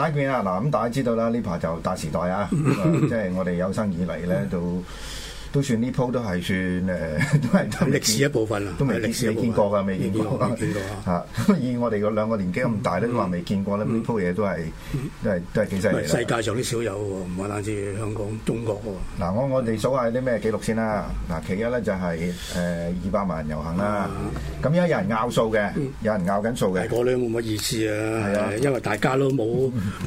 打攰啊！嗱，咁大家知道啦，呢排就大時代啊、 呃，即係我哋有生以嚟咧都。都算呢鋪都係算誒，都係都歷史一部分啦，都未歷史未見過噶，未見過啊！啊，所以我哋嗰兩個年紀咁大咧，都話未見過咧。呢鋪嘢都係都係都係幾犀利啦！世界上啲少有喎，唔好話諧香港中國喎。嗱，我我哋數下啲咩記錄先啦。嗱，其一咧就係誒二百萬人遊行啦。咁而家有人拗數嘅，有人拗緊數嘅。大過咧冇乜意思啊！係啊，因為大家都冇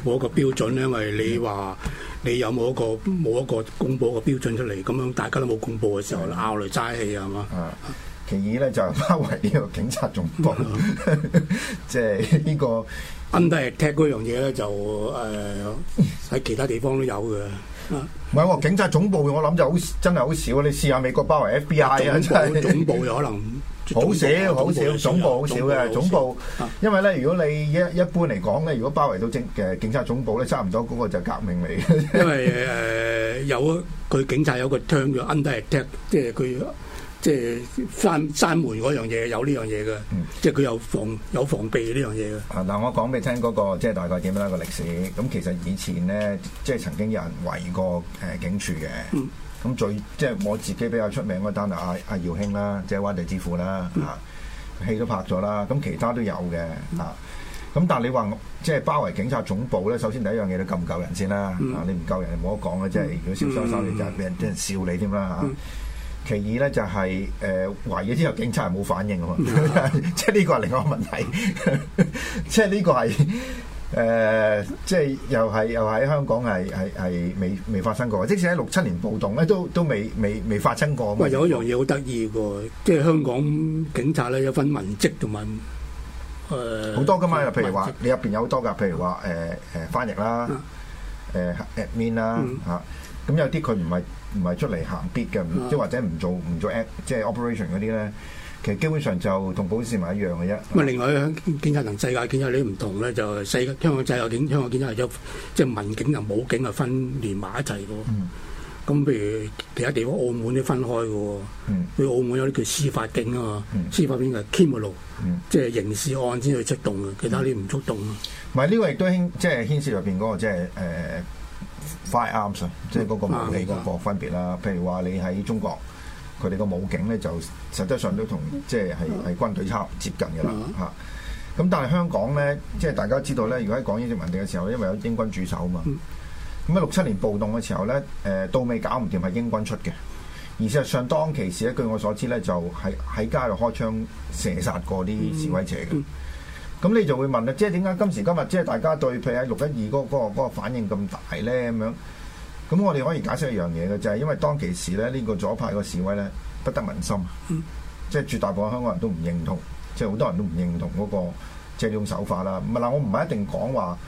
一個標準，因為你話。你有冇一個冇一個公佈一個標準出嚟？咁樣大家都冇公佈嘅時候，鬧嚟齋氣啊嘛！其二咧就係、包圍呢個警察總部，即係的、 呢個、呢個 under attack 嗰樣嘢咧就誒喺、呃、 其他地方都有嘅。唔係我警察總部，我諗就好真係好少，你試下美國包圍 FBI 啊，總部又的可能。 好少好少，總部好少嘅總部，因為咧，如果你一一般嚟講咧，如果包圍到警誒警察總部咧，差唔多嗰個就革命嚟嘅，因為誒、 呃、有佢警察有個槍要 n 低嚟踢，即係佢、嗯、即係閂閂門嗰樣嘢，有呢樣嘢嘅，即係佢有防有防備呢樣嘢嘅。嗱、嗯啊，我講俾聽嗰、那個即係大概點樣一個歷史。咁其實以前咧，即係曾經有人圍過誒警署嘅。嗯咁最即係、就是、我自己比較出名嗰單就阿阿姚興啦，即係灣地之父啦，嚇、嗯啊、戲都拍咗啦。咁其他都有嘅，嚇、啊。咁但係你話即係包圍警察總部咧，首先第一樣嘢都夠唔夠人先啦。嗯啊、你唔夠人冇得講嘅，即係、嗯、如果少少少你就俾人即係笑你添啦嚇。啊嗯嗯、其二咧就係誒圍咗之後，警察係冇反應嘅嘛，即係呢個係另外一個問題，即係呢個係。誒、呃，即係又係又喺香港係係係未未發生過，即使喺六七年暴動咧都都未未未發生過。有一樣嘢好得意喎，即係香港警察咧有份文職同埋誒好多㗎嘛，譬如話你入邊有好多㗎，譬如話誒誒翻譯啦、誒 admin 啦嚇，咁有啲佢唔係唔係出嚟行 beat 嘅，即、嗯嗯、或者唔做唔做即係 operation 嗰啲咧。其實基本上就同保市民一樣嘅啫。咁啊，另外香港警察同世界警察你唔同咧，就世香港製有警，香港警察有即係民警同武警啊，分連埋一齊嘅。嗯。咁譬如其他地方，澳門都分開嘅。嗯。佢澳門有啲叫司法警啊，司法警就專門路。嗯。即係刑事案先去觸動嘅，其他你唔觸動。唔係呢個亦都即係牽涉入邊嗰個，即係 fire arms，即係嗰個武器嗰個分別啦。譬如話你喺中國。佢哋個武警呢，就實質上都同即係係係軍隊差接近嘅啦嚇，咁 但係香港呢，即係大家知道呢，如果喺港英殖民地嘅時候，因為有英軍駐守啊嘛，咁喺 六七年暴動嘅時候呢，誒到尾搞唔掂係英軍出嘅，而事實上當其時呢，據我所知呢，就喺喺街度開槍射殺過啲示威者嘅，咁 你就會問啦，即係點解今時今日即係大家對譬如喺六一二嗰嗰個反應咁大呢？咁樣？咁我哋可以解釋一樣嘢嘅，就係、是、因為當其時咧，呢、這個左派個示威咧不得民心，嗯、即係絕大部分香港人都唔認同，即係好多人都唔認同嗰、那個即係呢種手法啦。唔係嗱，我唔係一定講話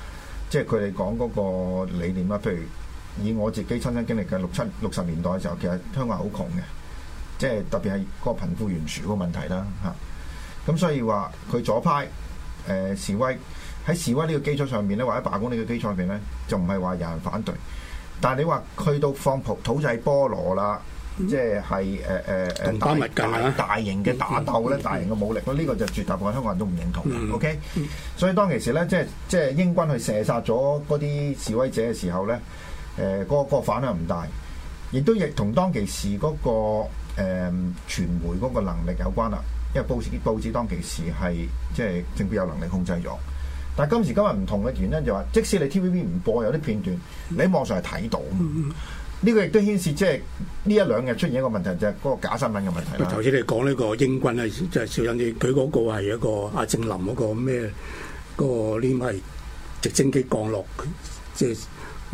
即係佢哋講嗰個理念啦。譬如以我自己親身經歷嘅六七六十年代嘅時候，其實香港人好窮嘅，即係特別係嗰個貧富懸殊個問題啦嚇。咁所以話佢左派誒、呃、示威喺示威呢個基礎上面咧，或者罷工呢個基礎上邊咧，就唔係話有人反對。但係你話去到放葡土製菠蘿啦，嗯、即係係誒誒誒大大型嘅打鬥咧，大型嘅武力，咁、呢、呢個就絕大部分香港人都唔認同，OK？所以當其時咧，即係即係英軍去射殺咗嗰啲示威者嘅時候咧，誒、呃、嗰、嗰個嗰個反響唔大，亦都亦同當其時嗰、嗰個誒、呃、傳媒嗰個能力有關啦，因為報紙報紙當其時係即係政府有能力控制咗。但係今時今日唔同嘅原因就話，即使你 TVB 唔播有啲片段，你喺網上係睇到呢、嗯、個亦都牽涉即係呢一兩日出現一個問題就係嗰個假新聞嘅問題啦。頭先你講呢個英軍咧，即係小心啲，佢嗰個係一個阿正林嗰、嗰個咩嗰、嗰個呢？係直升機降落，即係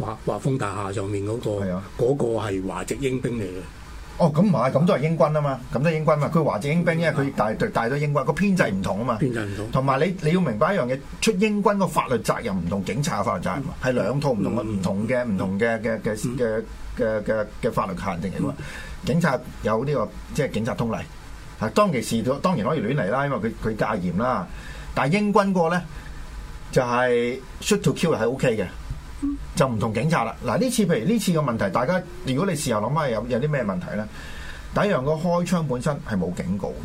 華華豐大廈上面嗰、嗰個，嗰、啊、個係華籍英兵嚟嘅。哦，咁唔係，咁都係英軍啊嘛，咁都係英軍嘛。佢華籍英兵，因為佢大隊大，大英軍，個編制唔同啊嘛，編制唔同，同埋你你要明白一樣嘢，出英軍個法律責任唔同警察嘅法律責任，係兩套唔同嘅唔、嗯、同嘅唔同嘅嘅嘅嘅嘅嘅法律限定嚟嘅。嗯、警察有呢、呢個即係警察通例，啊，當其時當然可以亂嚟啦，因為佢佢戒嚴啦。但係英軍個咧就係、是、shoot to kill 係 OK 嘅。就唔同警察啦。嗱、啊、呢次，譬如呢次嘅問題，大家如果你事後諗下，有有啲咩問題咧？第一樣個開槍本身係冇警告嘅。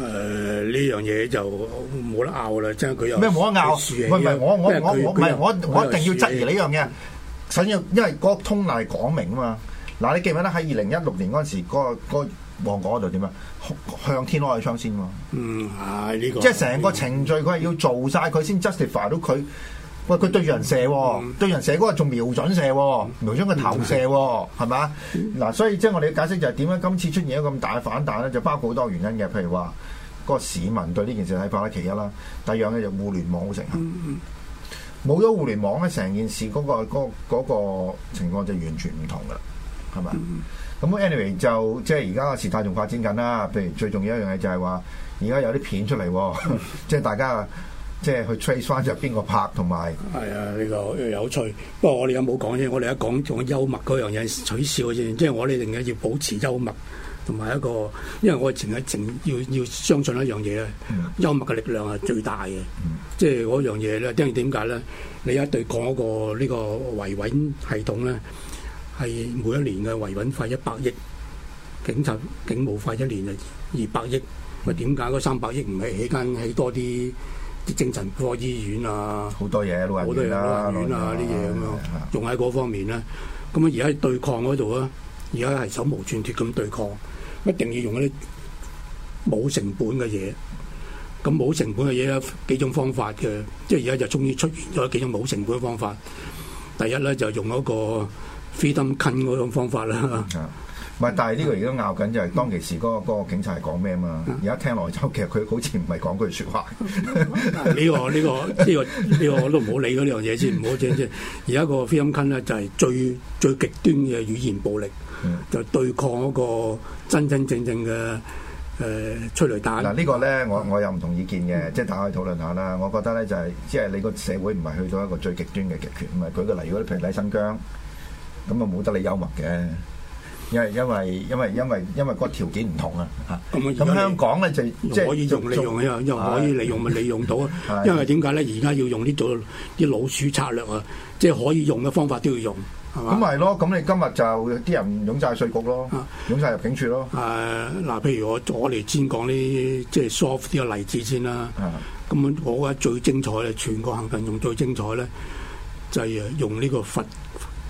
誒呢樣嘢就冇得拗啦，即係佢有咩冇得拗？唔係我我我我唔係我我一定要質疑呢樣嘢。首先，因為嗰通例講明啊嘛。嗱、啊，你記唔記得喺二零一六年嗰陣時，嗰、嗰個嗰旺角嗰度點啊？向天開槍先嘛。嗯，係、這、呢個。即係成個程序，佢係要做晒，佢先 justify 到佢。喂，佢對住人射喎、哦，mm. 對人射嗰個仲瞄準射、哦，瞄準佢投射喎、哦，係咪、mm. 啊？嗱，所以即係我哋嘅解釋就係點解今次出現咗咁大反彈咧，就包括好多原因嘅，譬如話嗰、那個市民對呢件事睇法咧，其一啦，第二樣咧就互聯網好成，冇咗、mm. 互聯網咧，成件事嗰、那個嗰、那個那個、情況就完全唔同噶啦，係咪咁、mm. anyway 就即係而家嘅事態仲發展緊啦。譬如最重要一樣嘢就係話，而家有啲片出嚟、哦，即係、mm. 大家。即係去 trace 翻著邊個拍同埋係啊！呢個有趣。不過我哋又冇講啫。我哋而家講仲幽默嗰樣嘢取笑先。即係我哋一定要保持幽默同埋一個，因為我哋成日成要要相信一樣嘢咧，幽默嘅力量係最大嘅。嗯、即係嗰樣嘢咧，因為點解咧？你一對講一個呢個維穩系統咧，係每一年嘅維穩費一百億，警察警務費一年就二百億。喂，點解嗰三百億唔係起間起多啲？啲精神科醫院啊，好多嘢老癡啦，老啊院啊啲嘢咁樣用喺嗰方面咧。咁啊而家對抗嗰度啊，而家係手無寸鐵咁對抗，一定要用一啲冇成本嘅嘢。咁冇成本嘅嘢有幾種方法嘅，即係而家就終於出現咗幾種冇成本嘅方法。第一咧就用嗰個 Freedom Kin 嗰種方法啦。嗯嗯。唔但係呢個而家拗緊就係當其時嗰個嗰個警察係講咩嘛？而家聽落就其實佢好似唔係講句説話。呢個呢個呢個呢個我都唔好理嗰啲樣嘢先，唔好即即而家個飛音坑咧就係最最極端嘅語言暴力，就對抗一個真真正正嘅誒催淚彈。嗱呢個咧我我有唔同意見嘅，即係大家可以討論下啦。我覺得咧就係即係你個社會唔係去到一個最極端嘅極權。唔係舉個例，如果譬如喺新疆咁啊，冇得你幽默嘅。因為因為因為因為因為個條件唔同啊，嚇咁咁香港咧就即係可以用，利用又又、啊、可以利用咪利用到？啊、因為點解咧？而家要用呢種啲老鼠策略啊，即、就、係、是、可以用嘅方法都要用，係嘛？咁咪係咯，咁你今日就啲人湧晒稅局咯，湧晒入境處咯。誒嗱，譬如我我嚟先講啲即係 soft 啲嘅例子先啦。咁我覺得最精彩咧，全個行徑用最精彩咧，就係用呢個佛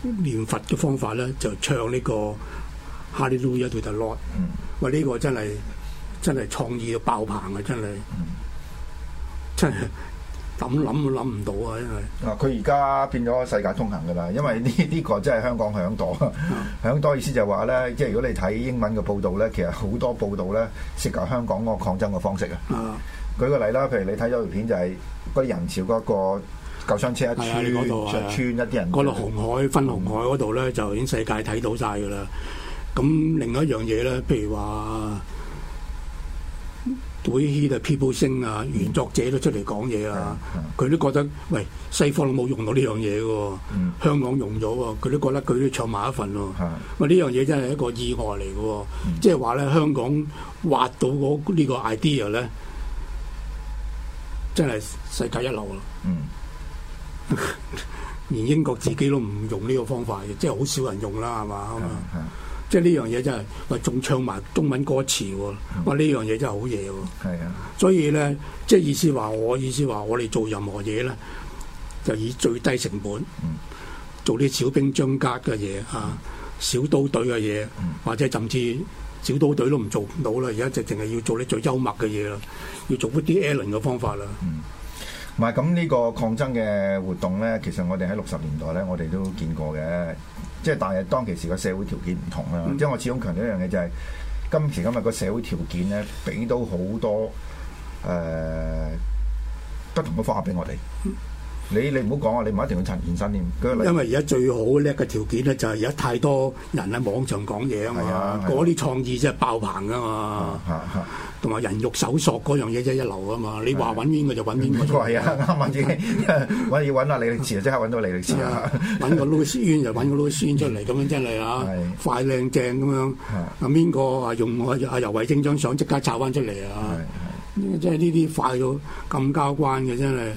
念佛嘅方法咧，就唱呢、呢個。哈！利路亞 to the Lord，喂！呢個真係真係創意嘅爆棚啊！真係，真係諗諗都諗唔到啊！真係。嗱，佢而家變咗世界通行㗎啦，因為呢呢個真係香港響度，響多意思就係話咧，即係如果你睇英文嘅報道咧，其實好多報道咧涉及香港嗰個抗爭嘅方式啊。舉個例啦，譬如你睇咗條片就係嗰啲人潮嗰個救傷車村嗰度啊，嗰度紅海分紅海嗰度咧就已經世界睇到晒㗎啦。咁另外一樣嘢咧，譬如話，會 h i 啊，people sing 啊、嗯，原作者都出嚟講嘢啊，佢、嗯、都覺得，喂，西方都冇用到呢樣嘢嘅喎，嗯、香港用咗喎，佢都覺得佢都唱埋一份咯。喂、嗯，呢樣嘢真係一個意外嚟嘅，嗯、即係話咧，香港挖到嗰呢個 idea 咧，真係世界一流咯。嗯， 連英國自己都唔用呢個方法，即係好少人用啦，係嘛？嗯嗯即係呢樣嘢真係，話仲唱埋中文歌詞喎！呢樣嘢真係好嘢喎！啊，所以咧，即係意思話，我意思話，我哋做任何嘢咧，就以最低成本、嗯、做啲小兵張家嘅嘢啊，小刀隊嘅嘢，嗯、或者甚至小刀隊都唔做到啦。而家直情係要做啲最幽默嘅嘢啦，要做 Woody Allen 嘅方法啦。唔係咁呢個抗爭嘅活動咧，其實我哋喺六十年代咧，我哋都見過嘅。嗯即係，但係當其時個社會條件唔同啦。即係、嗯、我始終強調一樣嘢、就是，就係今時今日個社會條件咧，俾到好多誒、呃、不同嘅方法俾我哋。嗯你你唔好講啊！你唔一定要陳現身添。因為而家最好叻嘅條件咧，就係而家太多人喺網上講嘢啊嘛。嗰啲創意真係爆棚噶嘛。同埋人肉搜索嗰樣嘢真係一流啊嘛。你話揾邊個就揾邊個。邊係啊？啱啱要揾下李力持啊，即刻揾到李力持啊。揾個撈孫就揾個撈孫出嚟咁樣真係啊！快靚正咁樣。阿邊個啊？用我阿游蕙禎張相即刻拆翻出嚟啊！即係呢啲快到咁交關嘅真係。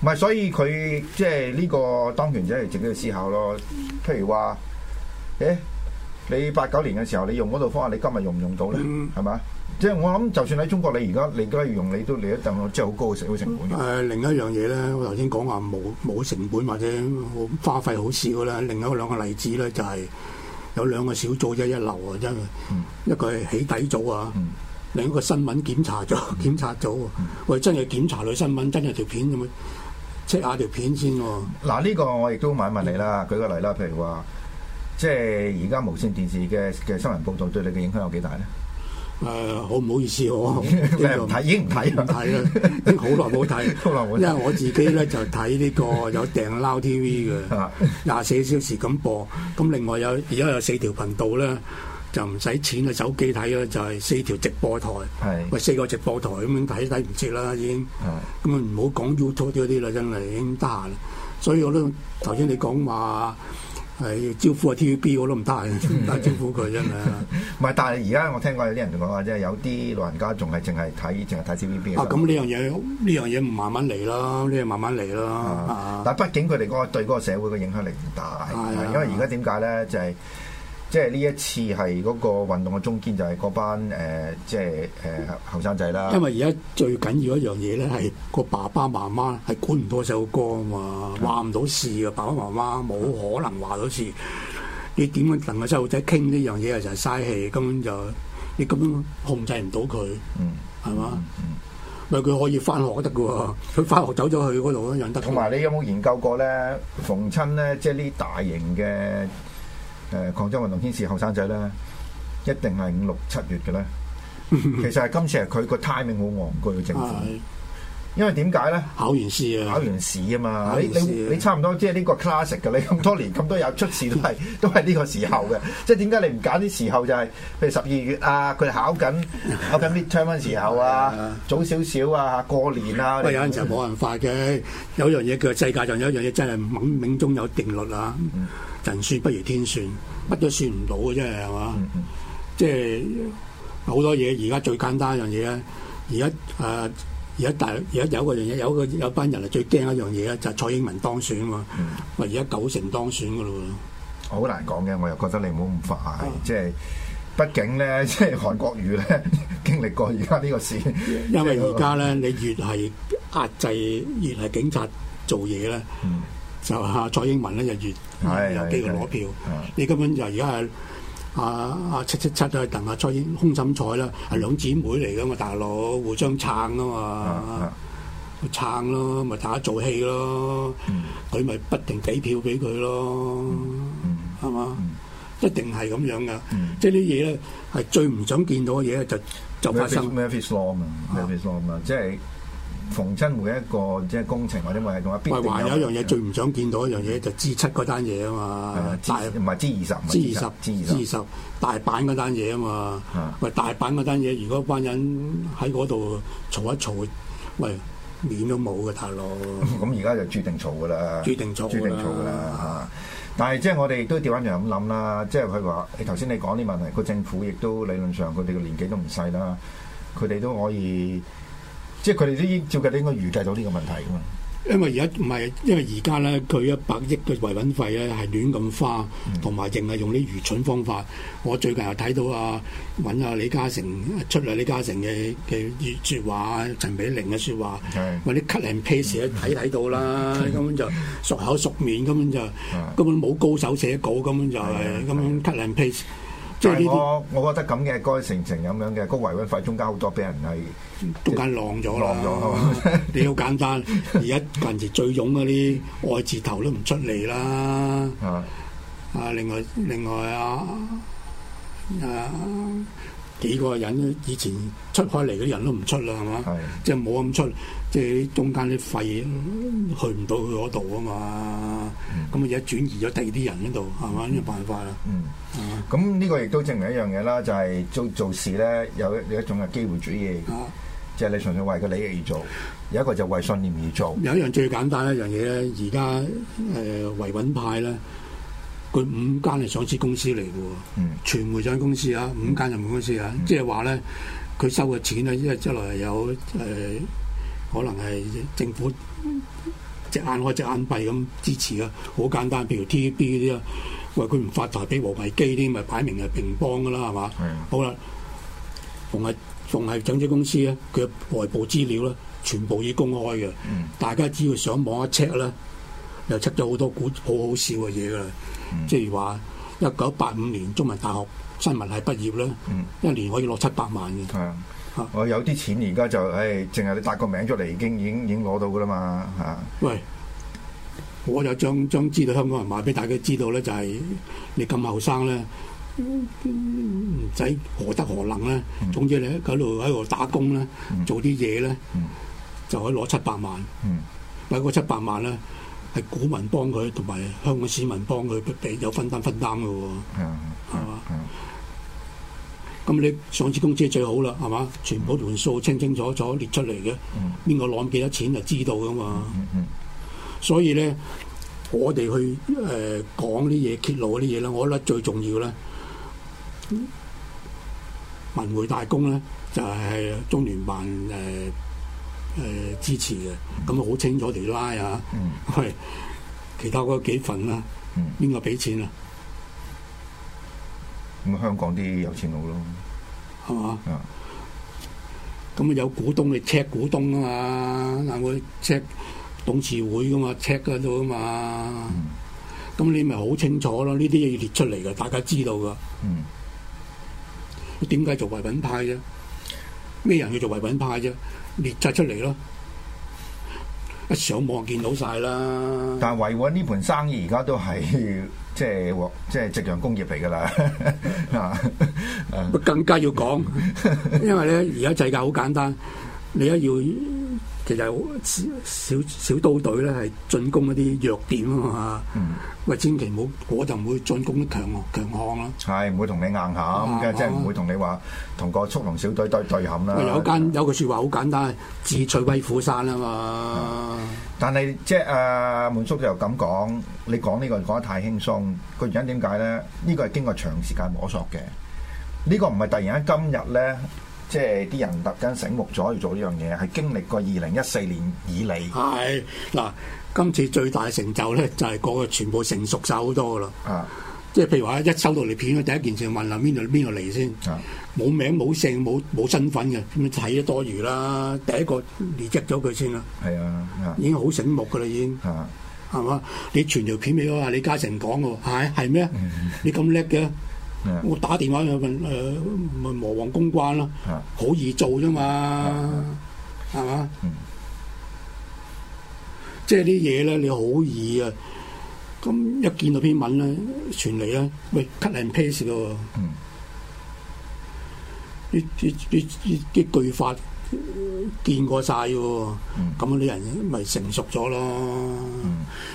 唔係，所以佢即係呢個當權者嚟，就要思考咯。譬如話，誒、欸，你八九年嘅時候，你用嗰套方案，你今日用唔用到咧？係嘛、嗯？即係我諗，就，是、就算喺中國你，你，要你，要你，要你而家你而家用，你都嚟得滯咯，即係好高嘅社會成本。誒，另一樣嘢咧，我頭先講話冇冇成本或者花費好少咧，另外兩個例子咧就係、是、有兩個小組一一流啊，真係。一、嗯、一個係起底組啊，嗯、另一個新聞檢查組、 檢查組，嗯、喂，真係檢查類新聞，真係條片咁樣。即下條片先喎、哦。嗱呢、啊呢個我亦都問一問你啦，嗯、舉個例啦，譬如話，即係而家無線電視嘅嘅新聞報導對你嘅影響有幾大咧？誒、呃，好唔好意思我唔睇，已經唔睇唔睇啦，已經好耐冇睇，好耐冇， 因為我自己咧就睇呢、呢個有訂撈 TV 嘅，廿四 小時咁播，咁另外有而家有四條頻道咧。就唔使錢嘅手機睇啊！就係、是、四條直播台，喂是四個直播台咁樣睇，睇唔切啦已經。咁啊唔好講 YouTube 嗰啲啦，真係已經得閒啦。所以我都頭先你講話係招呼啊 TVB 我都唔得閒，招呼佢 真係。唔係， 但係而家我聽過有啲人講話啫，有啲老人家仲係淨係睇，淨係睇 TVB 啊。咁呢樣嘢呢樣嘢唔慢慢嚟啦，呢樣慢慢嚟啦。啊、但係畢竟佢哋嗰個對嗰個社會嘅影響力唔大、啊，因為而家點解咧就係、是。就是即係呢一次係嗰個運動嘅中堅，就係嗰班誒，即係誒後生仔啦。呃、因為而家最緊要一樣嘢咧，係個爸爸媽媽係管唔到細路哥啊嘛，話唔到事啊，嗯、爸爸媽媽冇可能話到事。你點樣同個細路仔傾呢樣嘢啊？就係嘥氣，根本就你根本控制唔到佢，係嘛？為佢可以返學得嘅喎，佢返學走咗去嗰度都忍得。同埋你有冇研究過咧？逢親咧，即係呢大型嘅。誒抗爭運動天使後生仔咧，一定係五六七月嘅咧。 其實係今次係佢個 timing 好戇居嘅政府。 因為點解咧？考完試啊！考完試啊嘛！你你你差唔多即係呢個 classic 㗎。你咁多年咁 多日出事都係都係呢個時候嘅。即係點解你唔揀啲時候就係、是、譬如十二月啊？佢考緊考緊 midterm 嘅時候啊，的早少少啊，過年啊。不過有陣時冇咁快嘅。有樣嘢叫世界上有一樣嘢真係冥冥中有定律啊。 人算不如天算，乜都算唔到嘅真係係嘛。即係好多嘢，而家最簡單一樣嘢咧，而家誒。呃啊而家大，而家有個樣嘢，有個有班人啊，最驚一樣嘢啊，就係蔡英文當選喎。我而家九成當選㗎喇喎。好難講嘅，我又覺得你唔好咁快，即係的畢竟咧，即、就、係、是、韓國瑜咧 經歷過而家呢個事，因為而家咧你越係壓制，越係警察做嘢咧，嗯、就蔡英文咧就越有機會攞票。你根本就而家係。阿阿、啊啊、七七七啊，鄧阿彩空心菜啦，係兩姊妹嚟噶嘛，大佬互相撐啊嘛，啊啊撐咯，咪大家做戲咯，佢咪、嗯、不停俾票俾佢咯，係嘛，一定係咁樣噶，嗯、即係啲嘢咧係最唔想見到嘅嘢啊，就就發生。即逢親每一個即係工程或者咪係仲有必定有，還有一樣嘢最唔想見到一樣嘢就支七嗰單嘢啊嘛，的是20，大唔係支二十，支二十支二十大阪嗰單嘢啊嘛，喂的大阪嗰單嘢如果班人喺嗰度嘈一嘈，喂面都冇㗎大佬，咁而家就注定嘈嘅啦，注定嘈，注定嘈嘅啦嚇。但係即係我哋都調翻轉咁諗啦，即係佢話你頭先你講啲問題，個政府亦都理論上佢哋嘅年紀都唔細啦，佢哋都可以。即係佢哋都啲照計都應該預計到呢個問題噶嘛因？因為而家唔係，因為而家咧，佢一百億嘅維穩費咧係亂咁花，同埋淨係用啲愚蠢方法。我最近又睇到啊，揾啊李嘉誠出嚟，李嘉誠嘅嘅説話，陳美玲嘅説話，嗰啲的 cut and paste 睇睇到啦，根本、嗯、就熟口熟面，的根本就根本冇高手寫稿，根本就係咁 cut and paste 即係我，都我覺得咁嘅，嗰成成咁樣嘅個維穩費，中間好多俾人係中間浪咗咗，浪 你好簡單，而家近時最勇嗰啲愛字頭都唔出嚟啦。 啊，另外另外啊啊幾個人，以前出開嚟嘅人都唔出啦，係嘛？ 即係冇咁出。即係中間啲費去唔到佢嗰度啊嘛，咁啊而家轉移咗第二啲人喺度係嘛，呢個辦法啦。啊咁呢個亦都證明一樣嘢啦，就係做做事咧有一有一種嘅機會主義，即係你純粹為個利益而做，有一個就為信念而做。有一樣最簡單一樣嘢咧，而家誒維穩派咧，佢五間係上市公司嚟嘅喎，傳媒上市公司啊，五間傳媒公司啊，即係話咧佢收嘅錢咧，依家出來有誒。可能係政府隻眼開隻眼閉咁支持啊，好簡單，譬如 TVB 啲啊，喂佢唔發財俾黃偉基啲咪擺明係乒乓噶啦係嘛？是啊、好啦，逢係逢係整車公司咧，佢嘅外部資料咧，全部已公開嘅，嗯、大家只要上網一 check 咧，又出咗好多股好好笑嘅嘢噶啦，嗯、即係話一九八五年中文大學新聞系畢業啦，嗯、一年可以落七百萬嘅。我、嗯哦、有啲錢而家就，唉、哎，淨係你打個名出嚟，已經已經已經攞到噶啦嘛，嚇！喂，我就將將知道香港人買俾大家知道咧，就係、是、你咁後生咧，唔、嗯、使、嗯、何德何能咧，總之你喺度喺度打工咧，做啲嘢咧，嗯嗯、就可以攞七百萬，買嗰七百萬咧，係股民幫佢，同埋香港市民幫佢，俾有分擔分擔嘅喎、哦，嘛、嗯？嗯嗯嗯咁你上次公知最好啦，係嘛？全部盤數清清楚楚列出嚟嘅，邊個攞幾多錢就知道噶嘛。嗯嗯、所以咧，我哋去誒、呃、講啲嘢揭露啲嘢咧，我覺得最重要咧，文匯大公咧就係、是、中聯辦誒誒、呃呃、支持嘅，咁啊好清楚地拉、嗯、啊，係其他嗰幾份啦，邊個俾錢啊？咁香港啲有錢佬咯吧，係嘛？咁啊，有股東咪 check 股東啊嘛，嗱我 check 董事會噶嘛，check 得到啊嘛。咁、嗯、你咪好清楚咯，呢啲要列出嚟噶，大家知道噶。嗯。我點解做維穩派啫？咩人去做維穩派啫？列曬出嚟咯，一上網見到晒啦。但係維穩呢盤生意而家都係。即係，即係夕陽工業嚟噶啦，啊！我更加要講，因為咧，而家制界好簡單，你而家要。其實少少小刀隊咧係進攻一啲弱點啊嘛，喂，千祈唔好，我就唔會進攻啲強強項啦。係唔會同你硬撼嘅，即係唔會同你話同個速龍小隊對對撼啦。有間有句説話好簡單，智取威虎山啊嘛。但係即係阿滿叔就咁講，你講呢個講得太輕鬆。個原因點解咧？呢個係經過長時間摸索嘅，呢個唔係突然喺今日咧。即係啲人特登醒目咗去做呢樣嘢，係經歷過二零一四年以嚟。係嗱，今次最大成就咧，就係、係、嗰個，個全部成熟晒好多噶啦。啊，即係譬如話一收到你片第一件事問啦邊度邊度嚟先。冇、啊、名冇姓冇冇身份嘅，咁睇得多餘啦。第一個 reject 咗佢先啦。係啊，啊已經好醒目噶啦，已經。啊，係嘛？你傳條片俾我啊，李嘉誠講喎，係係咩？你咁叻嘅？ 我打電話去問誒，問魔王公關啦，好易做啫嘛，係嘛？即係啲嘢咧，你好易啊！咁一見到篇文咧，傳嚟咧，喂，cut and paste 咯，啲啲啲啲句法。見過晒喎，咁啲、嗯、人咪成熟咗咯。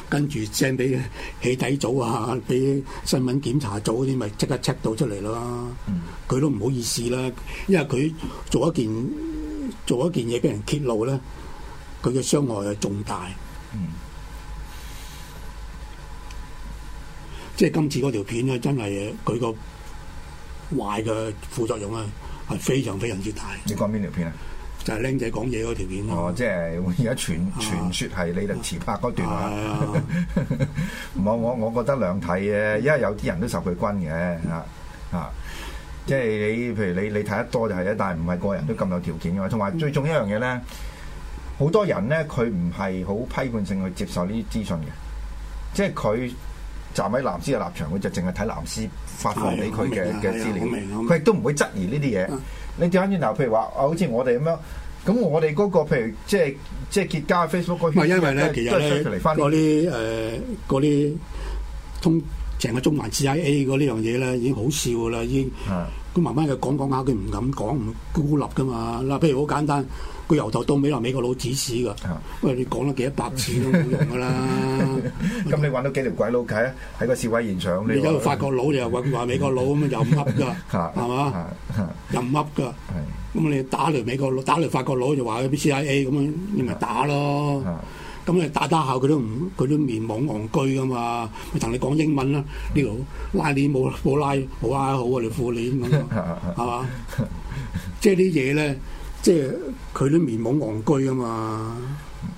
跟住 send 俾起底組啊，俾新聞檢查組啲，咪即刻 check 到出嚟咯。佢、嗯、都唔好意思啦，因為佢做一件做一件嘢俾人揭露咧，佢嘅傷害係重大。嗯、即係今次嗰條片咧，真係佢個壞嘅副作用啊，係非常非常之大。你講邊條片啊？就係僆仔講嘢嗰條片哦，即係而家傳、啊、傳説係你哋前拍嗰段話、啊啊。 我我我覺得兩睇嘅，因為有啲人都受佢軍嘅嚇嚇。即係你譬如你你睇得多就係、是、啦，但係唔係個人都咁有條件嘅。同埋最重要一樣嘢咧，好多人咧佢唔係好批判性去接受呢啲資訊嘅。即係佢站喺藍絲嘅立場，佢就淨係睇藍絲發放俾佢嘅嘅資料，佢亦都唔會質疑呢啲嘢。啊啊你睇翻轉頭，譬如話、啊，好似我哋咁樣，咁我哋嗰、嗰個譬如即係即係結交 Facebook 嗰，唔係因為咧，其實咧，嗰啲誒，嗰啲、呃、通成個中環 CIA 嗰呢樣嘢咧，已經好笑噶啦，已經。嗯佢慢慢就講講下，佢唔敢講，唔孤立噶嘛。嗱，譬如好簡單，佢由頭到尾話美國佬指使噶。喂、啊，你講咗幾多百次都冇用噶啦。咁、 嗯、你揾到幾條鬼佬計啊？喺個示威現場，而家個法國佬又話美國佬咁又唔噏噶，係嘛？又唔噏噶。咁是是 你打嚟美國佬，打嚟法國佬就話佢啲 CIA 咁樣，你咪打咯。是是是是是咁你打打下佢都唔，佢都面懵戇居噶嘛？我同你講英文啦，呢度，拉鏈冇冇拉冇拉好啊！你褲鏈咁咯，係嘛？即係啲嘢咧，即係佢都面懵戇居噶嘛？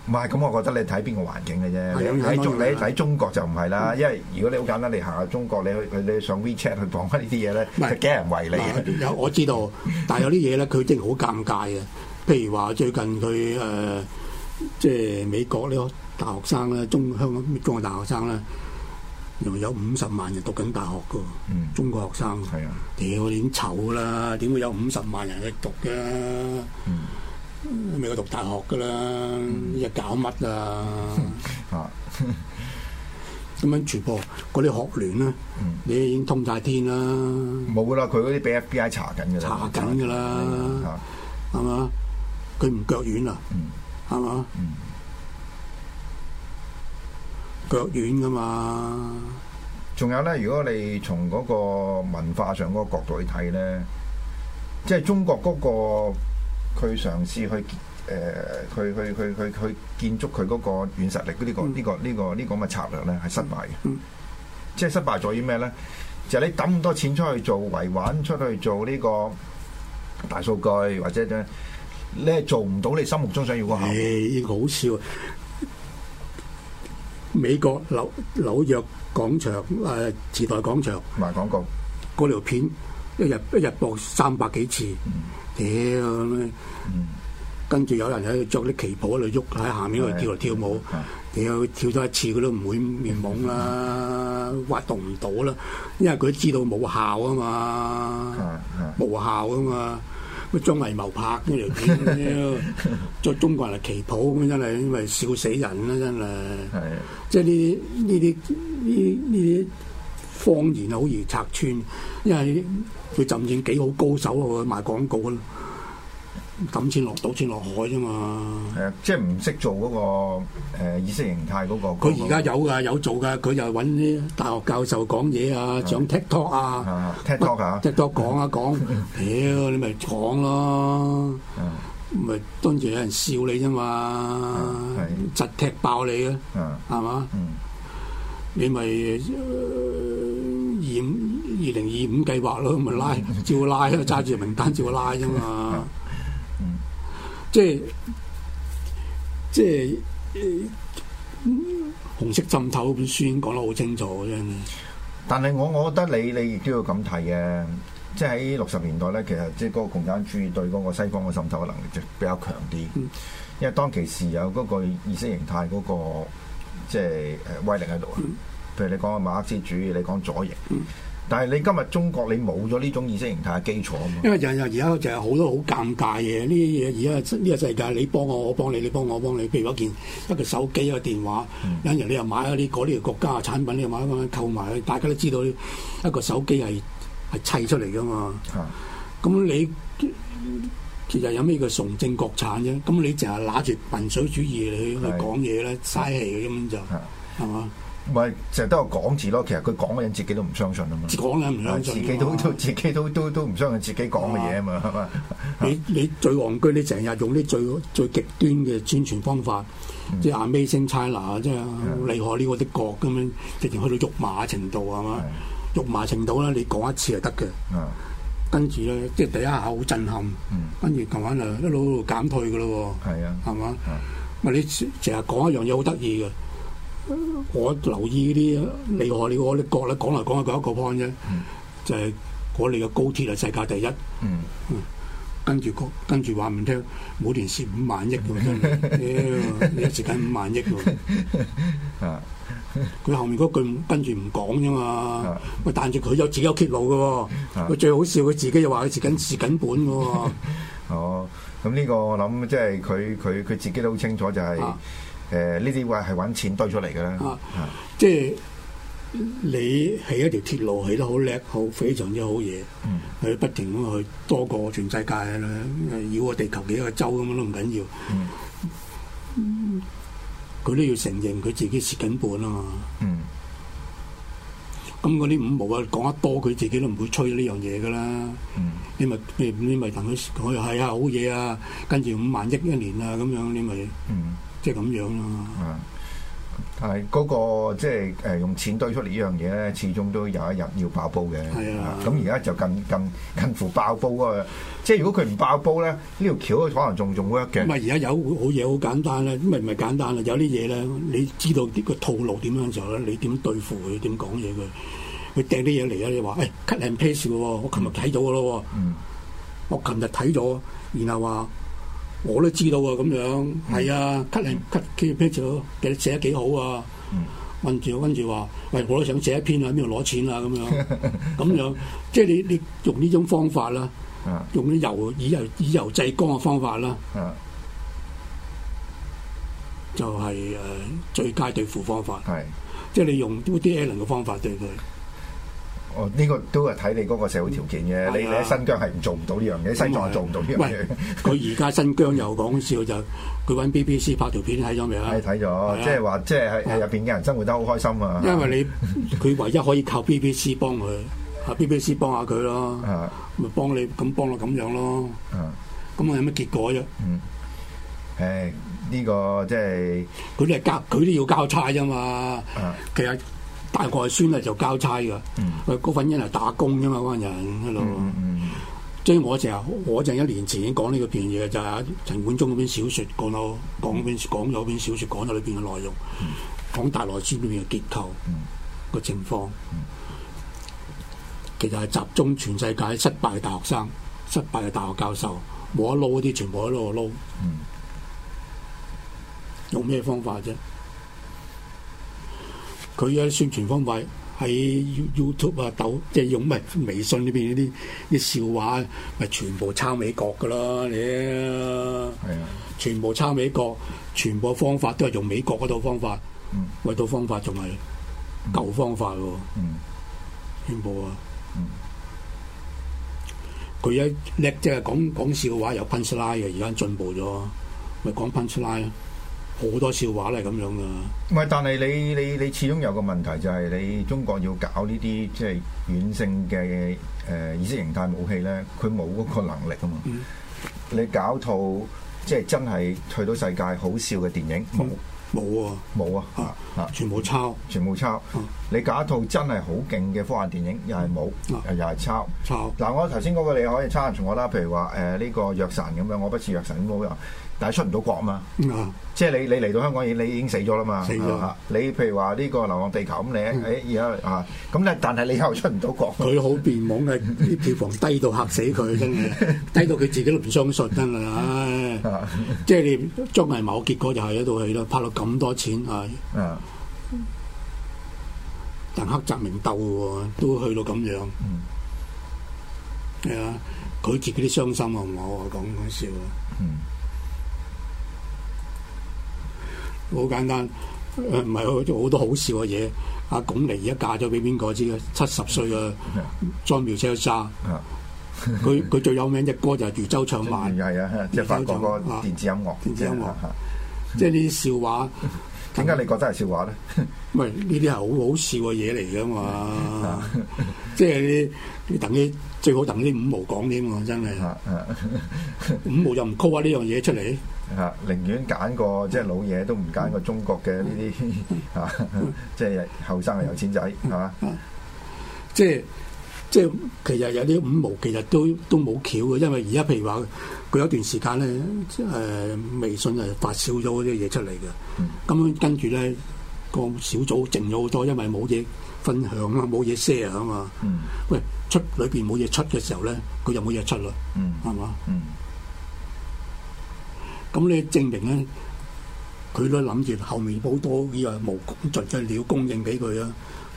唔係咁，我覺得你睇邊個環境嘅啫。你喺中，你喺中國就唔係啦。因為如果你好簡單，你行下中國，你去你上 WeChat 去講翻呢啲嘢咧，就驚人圍你？有我知道，但係有啲嘢咧，佢真係好尷尬嘅。譬如話最近佢誒。即係美國呢個大學生咧，中香港、中國大學生咧，原來有五十萬人讀緊大學噶。中國學生係啊，屌你丑啦？點會有五十萬人去讀嘅？嗯，美國讀大學噶啦，又搞乜啊？啊，咁樣全部嗰啲學聯咧，你已經通晒天啦。冇啦，佢嗰啲俾 FBI 查緊噶啦。查緊噶啦，係嘛？佢唔腳軟啊。係、嗯、嘛？腳軟噶嘛？仲有咧，如果你從嗰個文化上嗰個角度去睇咧，即、就、係、是、中國嗰、那個佢嘗試去誒，佢佢佢佢佢建築佢嗰個軟實力，呢、這個呢、嗯這個呢、這個呢、這個咁嘅、這個、策略咧係失敗嘅。嗯、即係失敗在於咩咧？就是、你抌咁多錢出去做維穩，出去做呢個大數據或者你係做唔到你心目中想要個效果。誒，好笑！美國紐紐約廣場誒時代廣場賣廣告，嗰條片一日一日播三百幾次，屌！嗯，跟住有人喺度著啲旗袍喺度喐，喺下面喺度跳嚟跳舞。屌，跳咗一次佢都唔會面懵啦，滑動唔到啦，因為佢都知道冇效啊嘛，無效啊嘛。張藝謀拍咁樣，做 中國人係旗袍咁真係，因為笑死人啦真係。 即係呢啲呢啲呢呢啲方言啊，好易拆穿。因為佢陣間幾好高手去賣廣告啊。抌先落到先落海啫嘛。誒，即係唔識做嗰個誒意識形態嗰個。佢而家有噶有做噶，佢就係搵啲大學教授講嘢啊，上 TikTok 啊 TikTok TikTok 講一講，屌你咪講咯，咪跟住有人笑你啫嘛，窒踢爆你啊，係嘛？你咪二零二五二零二五計劃咯，咪拉照拉咯，揸住名單照拉啫嘛。即係即係誒、嗯，紅色滲透嗰本書已經講得好清楚啫。但係我我覺得你你亦都要咁睇嘅，即係喺六十年代咧，其實即係嗰個共產主義對嗰個西方嘅滲透嘅能力就比較強啲，嗯、因為當其時有嗰個意識形態嗰個即係誒威力喺度啊。嗯、譬如你講個馬克思主義，你講左翼。嗯但係你今日中國你冇咗呢種意識形態嘅基礎啊嘛，因為就係而家就係好多好尷尬嘅呢啲嘢，而家呢個世界你幫我，我幫你，你幫我，我幫你。譬如一件一個手機一個電話，有、嗯、人你又買咗啲嗰啲國家嘅產品，你又買咁樣購埋，大家都知道一個手機係係砌出嚟噶嘛。咁、嗯、你其實有咩叫崇正國產啫？咁你淨係揦住民族主，主義嚟去講嘢咧，嘥、嗯、氣根本就係嘛？嗯嗯嗯嗯唔係，成日都係講字咯。其實佢講嘅嘢，自己都唔相信啊嘛。講你唔相信，自己都都自己都都都唔相信自己講嘅嘢啊嘛，係嘛？你你最戇居，你成日用啲最最極端嘅宣傳方法，即係 Amazing China，即係好厲害呢個啲國咁樣，直情去到辱罵程度係嘛，辱罵程度啦，你講一次就得嘅。跟住咧，即係第一下好震撼，跟住琴晚就一路一路減退嘅咯喎。係啊。係嘛？嗯。咪你成日講一樣嘢好得意嘅。我留意呢啲你我你我你各咧講嚟講去佢一個 point 啫，mm. 就係我哋嘅高鐵係世界第一，mm. 嗯，跟住跟住話唔聽，每年蝕五萬億喎，真係，你蝕緊五萬億喎，佢、 啊啊、後面嗰句跟住唔講啫嘛，咪、啊啊、但住佢有自己有揭露嘅，佢、啊、最好笑佢自己又話佢蝕緊蝕緊本嘅， 哦，咁呢個我諗即係佢佢佢自己都好清楚就係、是。啊啊誒，呢啲話係搵錢堆出嚟嘅啦。啊啊、即係你係一條鐵路起得好叻，好非常之好嘢，佢、嗯、不停咁去多過全世界啦，繞個地球幾個州咁樣都唔緊要，佢、嗯、都要承認佢自己蝕緊本啊嘛。咁嗰啲五毛啊講得多，佢自己都唔會吹呢樣嘢噶啦。嗯、你咪你咪等佢佢係啊好嘢啊，跟住五萬億一年啊咁樣，你咪 即係咁樣啦、啊嗯。但係嗰、那個即係誒用錢堆出嚟呢樣嘢咧，始終都有一日要爆煲嘅。係啊。咁而家就近近近乎爆煲啊！即係如果佢唔爆煲咧，呢條橋可能仲仲會一腳。唔係啊，而家有好嘢，好簡單啦。咁唔係唔係簡單啦。有啲嘢咧，你知道啲個套路點樣做咧，你點對付佢？點講嘢佢？佢掟啲嘢嚟啊！你話誒、哎、cut and paste 嘅喎，嗯、我琴日睇到嘅咯喎。我琴日睇咗，然後話。我都知道、嗯、啊，咁樣係啊，cut 嚟 cut，佢篇文都寫得幾好啊。問，跟住跟住話，喂，我都想寫一篇啊，喺邊度攞錢啊？咁樣咁樣，咁樣，即係你你用呢種方法啦，用啲油以油以油制光嘅方法啦，嗯、就係、是、誒、呃、最佳對付方法。係、嗯、即係你用 Dylan 嘅方法對佢。哦，呢個都係睇你嗰個社會條件嘅。你你喺新疆係做唔到呢樣嘢，西藏做唔到呢樣嘢。佢而家新疆又講笑就，佢揾 BBC 拍條片睇咗未啊？係睇咗，即係話即係喺入邊嘅人生活得好開心啊！因為你佢唯一可以靠 BBC 幫佢，啊 BBC 幫下佢咯，咪幫你咁幫到咁樣咯。咁啊有乜結果啫？誒，呢個即係佢都係交，佢都要交差啫嘛。其實。大外宣啊，就交差㗎。嗰、嗯、份人係打工啫嘛，嗰班人喺度。即係、嗯、我成日，嗯、我成一年前已經講呢個片嘢，就係、是、陳冠中嗰篇小説講到、嗯、講嗰篇咗篇小説講到裏邊嘅內容，嗯、講大外宣裏邊嘅結構個、嗯、情況。嗯、其實係集中全世界失敗嘅大學生、失敗嘅大學教授，冇得撈嗰啲全部喺度嚟撈。用咩方法啫？佢嘅宣傳方法喺 YouTube 啊、抖，即係用咪微信呢邊嗰啲啲笑話，咪全部抄美國㗎啦，你、啊啊、全部抄美國，全部方法都係用美國嗰套方法，嗯、為套方法仲係舊方法喎，嗯，進步啊，佢、嗯、一叻即係講講笑話有 punchline 嘅，而家進步咗，咪講 punchline。好多笑話咧，咁樣噶？唔係，但係你你你始終有個問題，就係你中國要搞呢啲即係軟性嘅誒意識形態武器咧，佢冇嗰個能力啊嘛。嗯、你搞套即係、就是、真係去到世界好笑嘅電影，冇冇啊冇啊啊！全部抄，全部抄。啊、你搞一套真係好勁嘅科幻電影，又係冇，啊、又又係抄抄。嗱、啊，我頭先嗰個你可以抄下，同我啦，譬如話誒呢個藥神咁樣，我不似藥神咁樣。但係出唔到國嘛？即係你你嚟到香港已你已經死咗啦嘛？死咗嚇！你譬如話呢個流浪地球咁，你誒而家啊咁咧，但係你又出唔到國。佢好變懵嘅，票房低到嚇死佢，真係低到佢自己都唔相信真係。唉，即係你捉迷某結果就係一套戲咯，拍落咁多錢啊！啊，但黑澤明鬥喎都去到咁樣，係啊，佢自己啲傷心啊，冇啊，講講笑啊。好簡單，誒唔係去做好多好笑嘅嘢。阿鞏俐而家嫁咗俾邊個知咧？七十歲啊， 莊苗車去佢佢最有名隻歌就係、是、漁舟唱晚。又係啊，啊唱即係法國嘅電子音樂。啊、電子音樂嚇，啊啊、即係呢啲笑話。點解你覺得係笑話咧？喂，呢啲係好好笑嘅嘢嚟㗎嘛。 即係你等啲最好等啲五毛講添喎，真係。 五毛又唔 call 啊呢樣嘢出嚟。啊，寧願揀個即係老嘢，都唔揀個中國嘅呢啲啊，即係後生嘅有錢仔，係嘛、嗯嗯吧？即係即係其實有啲五毛其實都都冇橋嘅，因為而家譬如話佢有段時間咧，誒微信係發少咗啲嘢出嚟嘅，咁、嗯、跟住咧、個小組靜咗好多，因為冇嘢分享啊，冇嘢 share 啊嘛。嗯。喂，出裏邊冇嘢出嘅時候咧，佢就冇嘢出啦。嗯。係嘛？嗯。咁你證明咧，佢都諗住後面好多以為無盡嘅料供應俾佢啊！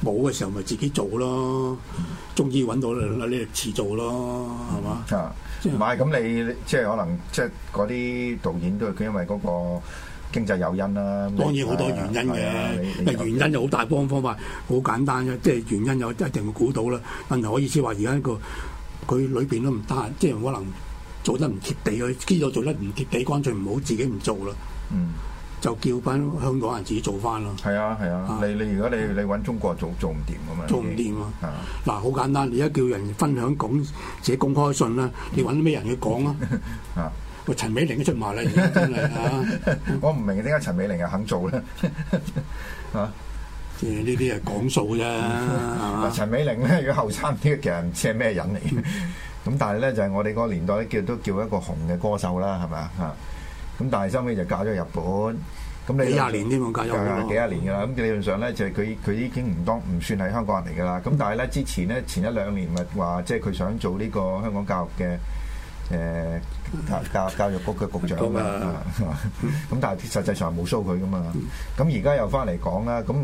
冇嘅時候咪自己做咯，終於揾到、嗯、你哋遲做咯，係嘛？啊，唔係咁你即係可能即係嗰啲導演都係佢因為嗰個經濟誘因啦。當然好多原因嘅，原因有好大幫方法，好簡單嘅，即係原因有一定會估到啦。但係我意思話而家一個佢裏邊都唔得，即係可能。做得唔貼地，佢知道做得唔貼地，乾脆唔好自己唔做啦。嗯，就叫翻香港人自己做翻咯。係啊係啊，你你如果你你揾中國做做唔掂咁樣，做唔掂啊？嗱，好簡單，你而家叫人分享講自己公開信啦，你揾啲咩人去講啊？啊，喂，陳美玲都出馬啦，而家真係啊！我唔明點解陳美玲又肯做咧？啊，即係呢啲係講數啫。嗱，陳美玲咧，如果後生啲其實唔知係咩人嚟。咁但係咧就係、是、我哋嗰個年代咧叫都叫一個紅嘅歌手啦係咪吓，咁但係收尾就嫁咗日本，咁你幾廿年都嫁咗幾廿年噶啦，咁理論上咧就係佢佢已經唔當唔算係香港人嚟噶啦。咁但係咧之前咧前一兩年咪話即係佢想做呢個香港教育嘅誒教教育局嘅局，局，局長、嗯嗯、 嘛，咁但係實際上係冇收佢噶嘛，咁而家又翻嚟講啦，咁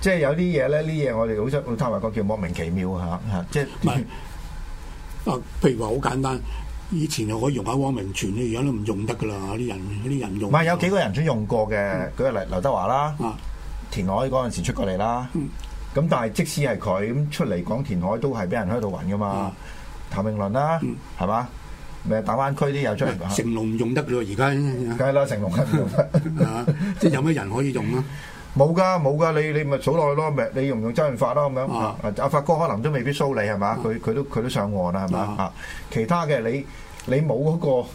即係有啲嘢咧呢嘢我哋好想坦白講叫莫名其妙吓吓，即、就、係、是。啊，譬如話好簡單，以前又可以用下汪明荃，你而家都唔用得噶啦，啲人啲人用。唔係有幾個人先用過嘅，舉個例劉德華啦，田、嗯啊嗯、海嗰陣時出過嚟啦。咁但係即使係佢咁出嚟講，田海都係俾人喺度揾噶嘛，譚詠麟啦，係嘛、嗯？誒大灣區啲又出嚟。成龍唔用得㗎而家。梗係啦，成龍梗用得，即係有咩人可以用啊？冇噶冇噶，你你咪數落去咯，咪你用唔用周潤發咯咁樣。阿發哥可能都未必 show 你係嘛？佢佢都佢都上岸啦係嘛？啊，其他嘅你你冇嗰個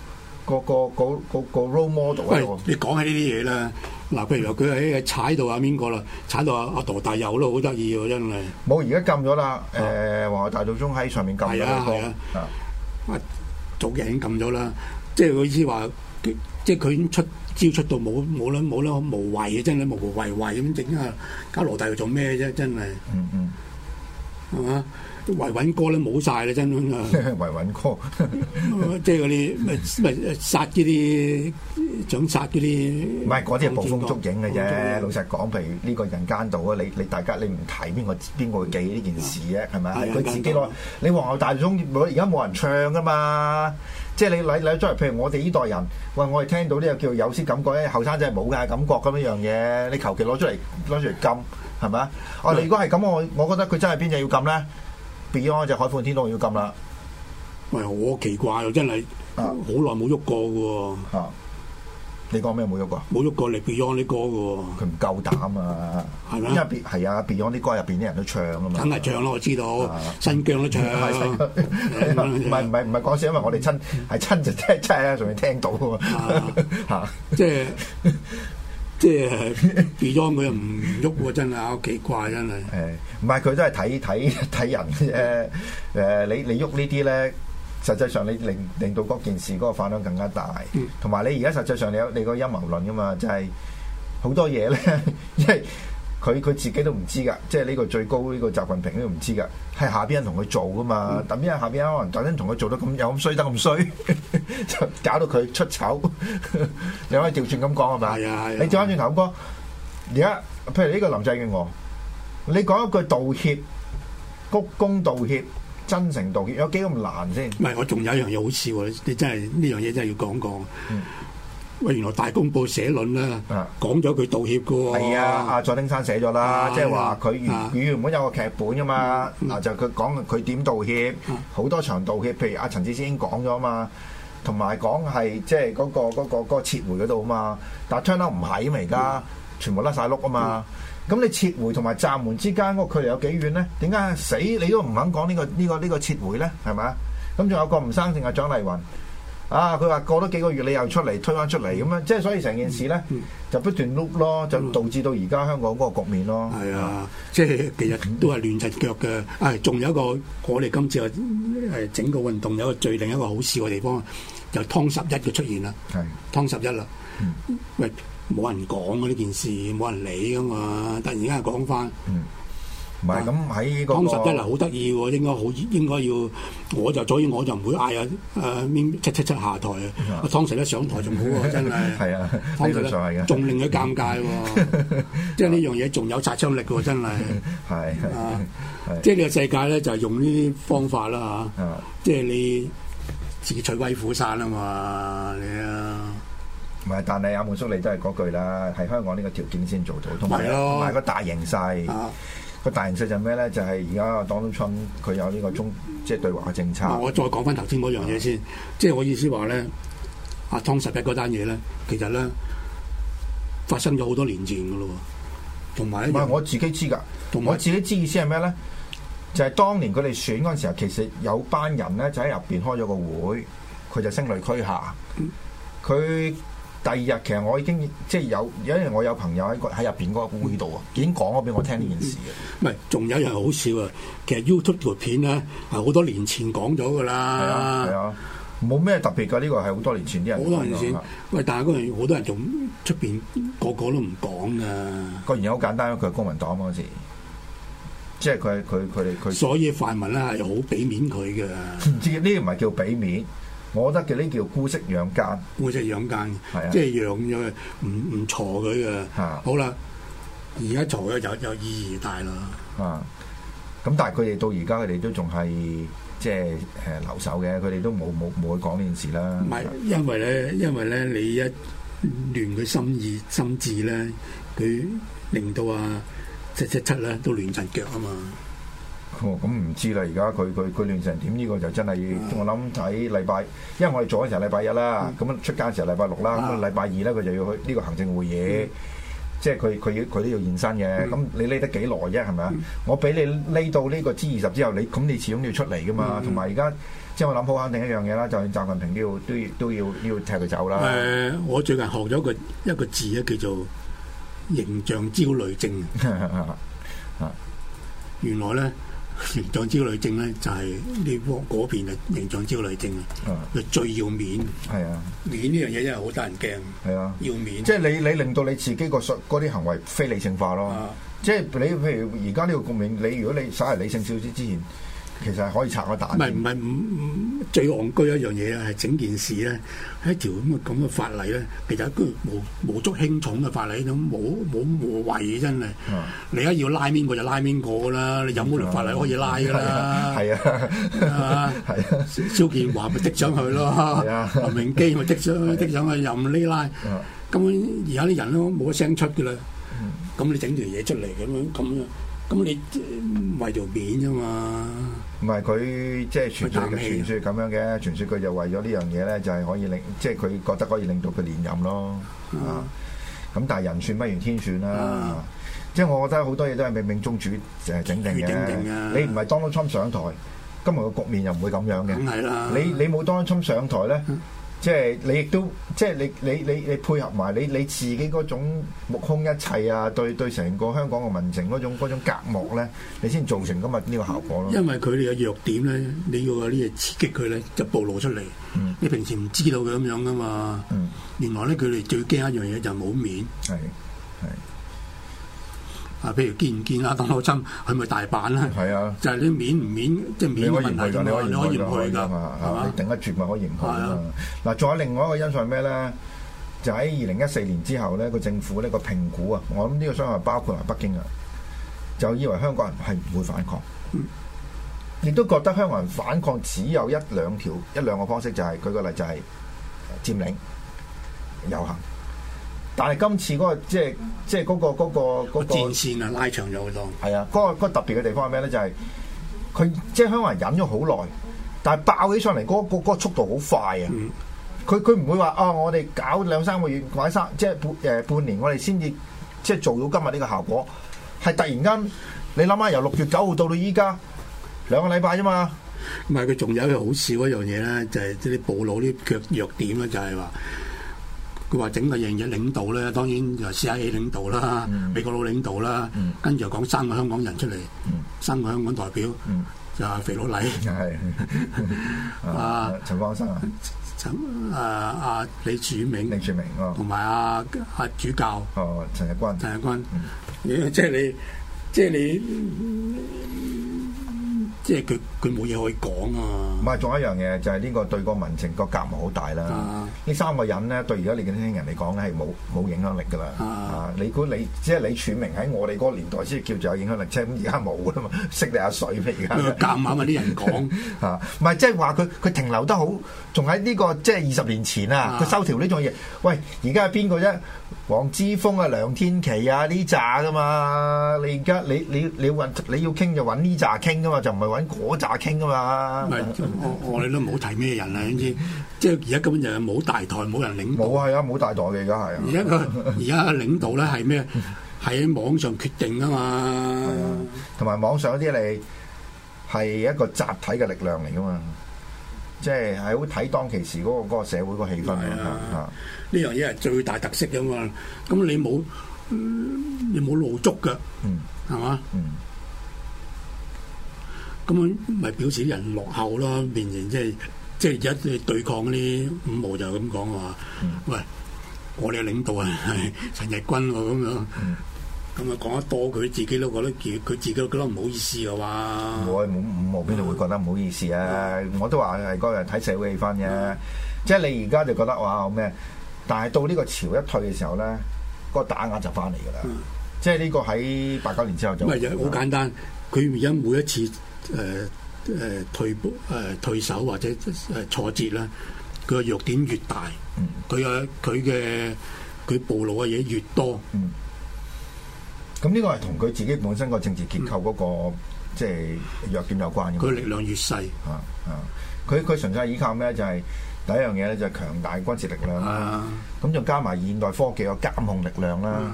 個個嗰嗰個 role model 喺度。你講起呢啲嘢啦，嗱譬如話佢喺踩到阿邊個啦，踩到阿阿羅大佑都好得意喎真係。冇而家禁咗啦，誒皇后大道中喺上面禁啦，早幾年禁咗啦，即係意思話即係佢已經出。招出到冇冇啦冇啦，無謂啊真係，無無謂謂咁整啊！加拿大做咩啫？真係，嗯嗯，係嘛？維穩歌都冇曬啦，真啦！維穩歌，即係嗰啲咪咪殺嗰啲想殺嗰啲，唔係嗰啲係捕風捉影嘅啫。老實講，譬如呢個人間道啊，你你大家你唔睇邊個邊個記呢件事啫，係咪？佢自己攞你皇后大道中，而家冇人唱噶嘛。即係你攞攞出嚟，譬如我哋呢代人，喂，我哋聽到呢個叫有先感覺咧，後生仔冇嘅感覺咁樣樣嘢，你求其攞出嚟攞出嚟禁，係咪、嗯、啊？我哋如果係咁，我我覺得佢真係邊隻要禁咧？Beyond 隻海闊天空要禁啦。唔係好奇怪又真係，好耐冇喐過喎。啊你講咩冇喐過？冇喐過，你 Beyond 啲歌嘅喎。佢唔、哦、夠膽啊，係咪因為、啊、Beyond 係啊，Beyond 啲歌入邊啲人都唱啊嘛。梗係唱啦，我知道，啊、新疆都唱，唔係唔係唔係講笑，因為我哋親係親就，親就，親就，親就聽真係啊，仲要聽到嘅喎。嚇！即係即係 Beyond 佢又唔喐喎，真係好奇怪真係。誒、啊，唔係佢都係睇睇睇人誒誒、呃，你你喐呢啲咧？嗯實際上你令令到嗰件事嗰個反響更加大，同埋你而家實際上你有你個陰謀論噶嘛？就係、是、好多嘢咧，即係佢佢自己都唔知噶，即係呢個最高呢、這個習近平都唔知噶，係下邊人同佢做噶嘛？等因為下邊可能等陣同佢做得咁有咁衰得咁衰， 就搞到佢出醜。 你可以調轉咁講係嘛？係啊係、啊、你調翻轉頭講，而家譬如呢個林鄭月娥，你講一句道歉，鞠躬道歉。真誠道歉有幾咁難先？唔係，我仲有一樣嘢好笑，你真係呢樣嘢真係要講講。喂，原來大公報寫論啦，講咗佢道歉噶喎。係啊，阿蔡丁山寫咗啦，即係話佢原原原本有個劇本噶嘛，嗱就佢講佢點道歉，好多場道歉，譬如阿陳志先講咗嘛，同埋講係即係嗰個嗰個嗰個撤回嗰度啊嘛，但係張德唔係因為而家，全部甩晒碌啊嘛。咁你撤回同埋閘門之間嗰個距離有幾遠咧？點解死你都唔肯講呢、呢個呢、呢個呢、呢個撤回咧？係咪？咁仲有個唔生性係蔣麗芸啊。佢話過多幾個月你又出嚟推翻出嚟咁樣！即係所以成件事咧就不斷碌咯，就導致到而家香港嗰個局面咯。係啊，即、就、係、是、其實都係亂曬腳嘅。啊、哎，仲有一個我哋今次誒整個運動有一個最另一個好笑嘅地方，就是、湯十一嘅出現啦。係是湯十一啦。喂、嗯。哎冇人講噶呢件事，冇人理噶嘛。突然間又講翻，唔係咁喺。湯十一啊，好得意喎，應該好應該要。我就所以我就唔會嗌啊啊七七七下台啊。湯十一上台仲好啊，真係。係啊，湯仲令佢尷尬喎，即係呢樣嘢仲有殺傷力喎，真係。係即係呢個世界咧就係用呢啲方法啦吓，即係你自己取威虎山啊嘛，你啊。唔係，但係阿滿叔，你都係嗰句啦。喺香港呢個條件先做到，同埋同埋個大形勢。啊、個大形勢就咩咧？就係而家 Donald Trump，佢有呢個中即係、就是、對華嘅政策。嗯、我再講翻頭先嗰樣嘢先，嗯、即係我意思話咧，阿 t 十 m s 嗰單嘢咧，其實咧發生咗好多年前嘅咯，同埋唔係我自己知㗎，我自己知，有自己知意思係咩咧？就係、是、當年佢哋選嗰陣時候，其實有班人咧就喺入邊開咗個會，佢就聲淚俱下佢。第二日其實我已經即係有，因為我有朋友喺個喺入邊嗰個會度啊，已經講咗俾我聽呢件事嘅、嗯。唔係，仲有一樣好笑啊，其實 YouTube 條片咧係好多年前講咗噶啦。係啊，係啊，冇咩特別㗎。呢、呢個係好多年前啲人，好多年前。喂，但係嗰陣好多人仲出邊個個都唔講㗎。個原因好簡單，佢係公民黨嗰陣，即係佢佢佢哋佢。所以泛民啦，係好俾面佢嘅。唔知呢唔係叫俾面。我覺得嘅呢叫姑息養奸，姑息養奸，啊、即係養咗唔唔鋤佢嘅。啊、好啦，而家鋤咗就有意義大啦。啊，咁但係佢哋到而家佢哋都仲係即係誒、呃、留守嘅，佢哋都冇冇冇去講呢件事啦。唔係，因為咧，因為咧，你一亂佢心意心智咧，佢令到啊七七七咧都亂陣腳啊嘛。哦，咁唔知啦，而家佢佢佢亂成點？呢個就真係我諗睇禮拜，因為我哋做嗰時候禮拜一啦，咁樣出街嗰時候禮拜六啦，咁啊禮拜二咧佢就要去呢個行政會議，即係佢佢要佢都要現身嘅。咁你匿得幾耐啫？係咪啊？我俾你匿到呢個 G20 之後，你咁你始終要出嚟噶嘛？同埋而家即係我諗好肯定一樣嘢啦，就算習近平都要都要都要要踢佢走啦。誒，我最近學咗一個一個字咧，叫做形象焦慮症。原來咧～形象焦慮症咧，就係呢方嗰邊嘅形象焦慮症啊，最要面係啊，面呢樣嘢真係好得人驚係啊，要面免，即係你你令到你自己個嗰啲行為非理性化咯，啊、即係你譬如而家呢個局面，你如果你稍為理性少少之前，其實係可以拆個蛋。唔係唔係，最戇居一樣嘢咧，係整件事咧，係一條咁嘅咁嘅法例咧，其實一個無無足輕重嘅法例，咁冇冇無謂嘅真係。嗯、你而家要拉邊個就拉邊個㗎啦，你有冇條法例可以拉㗎啦？係、嗯嗯嗯嗯、啊，係啊， 蕭建華咪即上去咯，林、啊、 明基咪即上即上去任呢拉。咁而家啲人都冇聲出㗎啦。咁你整條嘢出嚟咁樣咁樣。咁你即係為做扁啫嘛？唔係佢即係傳說，傳說，傳說咁樣嘅，傳說佢就為咗呢樣嘢咧，就係、是、可以令，即係佢覺得可以令到佢連任咯。啊，咁、啊、但係人算不如天算啦、啊啊。即係我覺得好多嘢都係冥冥中主誒，整定嘅。你唔係 Donald Trump 上台，今日嘅局面又唔會咁樣嘅。梗係啦。你你冇 Donald Trump 上台咧？嗯即係你亦都，即係你你你你配合埋你你自己嗰種目空一切啊，對對成個香港嘅民情嗰種嗰種隔膜咧，你先造成今日呢個效果咯。因為佢哋嘅弱點咧，你要有啲嘢刺激佢咧，就暴露出嚟。嗯，你平時唔知道佢咁樣噶嘛。嗯，原來咧佢哋最驚一樣嘢就係冇面。係係。見見是是啊，譬如見唔見啊，鄧浩森，佢咪大板啦？係啊，就係你面唔面？即係面問題咁你可以融去㗎嘛，嚇，你頂得住咪可以融去咯？嗱嗎，仲有另外一個因素係咩咧？就喺二零一四年之後咧，個政府呢個評估啊，我諗呢個相係包括埋北京啊，就以為香港人係唔會反抗，亦、嗯、都覺得香港人反抗只有一兩條一兩個方式、就是，就係舉個例就係佔領遊行。但係今次嗰、那個即係即係嗰個嗰、那個嗰、那個、戰線啊拉長咗好多。係啊，嗰、那個那個特別嘅地方係咩咧？就係、是、佢即係香港人忍咗好耐，但係爆起上嚟嗰個速度好快啊！佢佢唔會話啊、哦，我哋搞兩三個月或者三即係半誒半年，我哋先至即係做到今日呢個效果。係突然間，你諗下由六月九號到到依家兩個禮拜啫嘛。唔係，佢仲有一個好笑一樣嘢咧，就係即係暴露啲弱點啦，就係話。佢話整個嘢領導咧，當然就係 CIA 領導啦，嗯、美國佬領導啦，跟住又講三個香港人出嚟，嗯、三個香港代表，嗯、就係肥佬黎， 啊陳方生啊，陳啊阿李柱銘，李柱銘同埋阿啊，啊主教，哦陳日君，陳日君，即係、嗯嗯、 你，即、就、係、是、你。就是即係佢佢冇嘢可以講啊！唔係，仲有一樣嘢就係、是、呢個對個民情個隔膜好大啦。呢、啊、三個人呢，對而家你嘅年輕人嚟講咧係冇冇影響力㗎啦。啊、你估你即係李柱銘喺我哋嗰個年代先叫做有影響力，即係咁而家冇啦嘛，識你阿水平噶。夾硬 啊啲人講，唔係即係話佢佢停留得好，仲喺呢個即係二十年前啊，佢收條呢種嘢。喂，而家係邊個啫？黃之鋒啊、梁天琦啊呢紮㗎嘛？你而家你你你你要傾就揾呢紮傾㗎嘛，就唔係。扎傾噶嘛？唔我我哋都唔好提咩人啦，總之即係而家根本就冇大台，冇人領導。冇係啊，冇大台嘅而家係。而家而家領導咧係咩？喺 網上決定噶嘛？同埋、嗯、網上啲嚟係一個集體嘅力量嚟噶嘛？即係係好睇當其時嗰、那個那個嗰個嗰個社會個氣氛、嗯、啊！呢樣嘢係最大特色噶嘛？咁你冇你冇露足噶，嗯係嘛？嗯。嗯嗯咁樣咪表示人落後咯，變成即係即係一對抗嗰啲五毛就咁講話。嗯、喂，我哋領導係陳日君喎，咁樣咁啊講得多，佢、嗯、自己都覺得佢自己都覺得唔好意思嘅嘛。我五毛邊度會覺得唔好意思啊？嗯、我都話係個人睇社會氣氛嘅，嗯、即係你而家就覺得哇好咩？但係到呢個潮一退嘅時候咧，嗰個打壓就翻嚟嘅啦。嗯、即係呢個喺八九年之後就唔好簡單。佢而家每一次、嗯。誒誒、呃、退步、呃、退守或者誒挫折啦，佢嘅弱點越大，佢啊佢嘅佢暴露嘅嘢越多，咁呢、嗯、個係同佢自己本身個政治結構嗰、那個、嗯、即係弱點有關嘅。佢力量越細、啊，啊佢佢純粹係依靠咩？就係、是、第一樣嘢咧，就係、是、強大軍事力量啦。咁仲、啊啊、加埋現代科技嘅監控力量啦。咁、嗯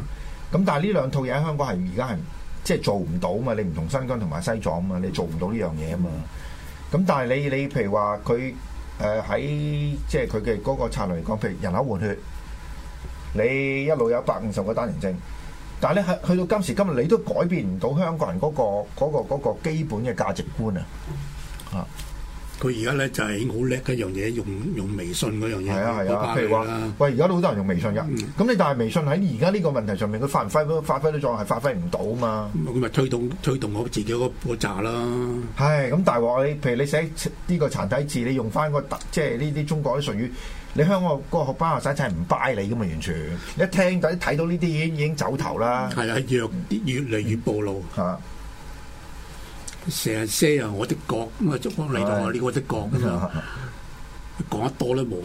嗯、但係呢兩套嘢喺香港係而家係。即係做唔到嘛？你唔同新疆同埋西藏啊嘛？你做唔到呢樣嘢啊嘛？咁但係你你譬如話佢誒喺即係佢嘅嗰個策略嚟講，譬如人口換血，你一路有百五十個單人證，但係咧去到今時今日，你都改變唔到香港人嗰個嗰個嗰個基本嘅價值觀啊！啊～佢而家咧就係好叻嗰樣嘢，用用微信嗰樣嘢，好巴閉啦。過過啊、喂，而家都好多人用微信噶，咁、嗯、你但係微信喺而家呢個問題上面，佢發、發揮都發揮作用係發揮唔到啊嘛。咁咪推動推動我自己、那個、那個炸啦。係、那、咁、個、大鑊，你譬如你寫呢個殘體字，你用翻、那個即係呢啲中國啲術語，你香港嗰個班學生真係唔拜你噶嘛，完全一聽睇到呢啲已經已經走頭啦。係、嗯、啊，越越嚟越暴露嚇。嗯嗯成日 say 啊，我的角咁啊，中方嚟到啊，呢我的角咁啊，講得多都冇，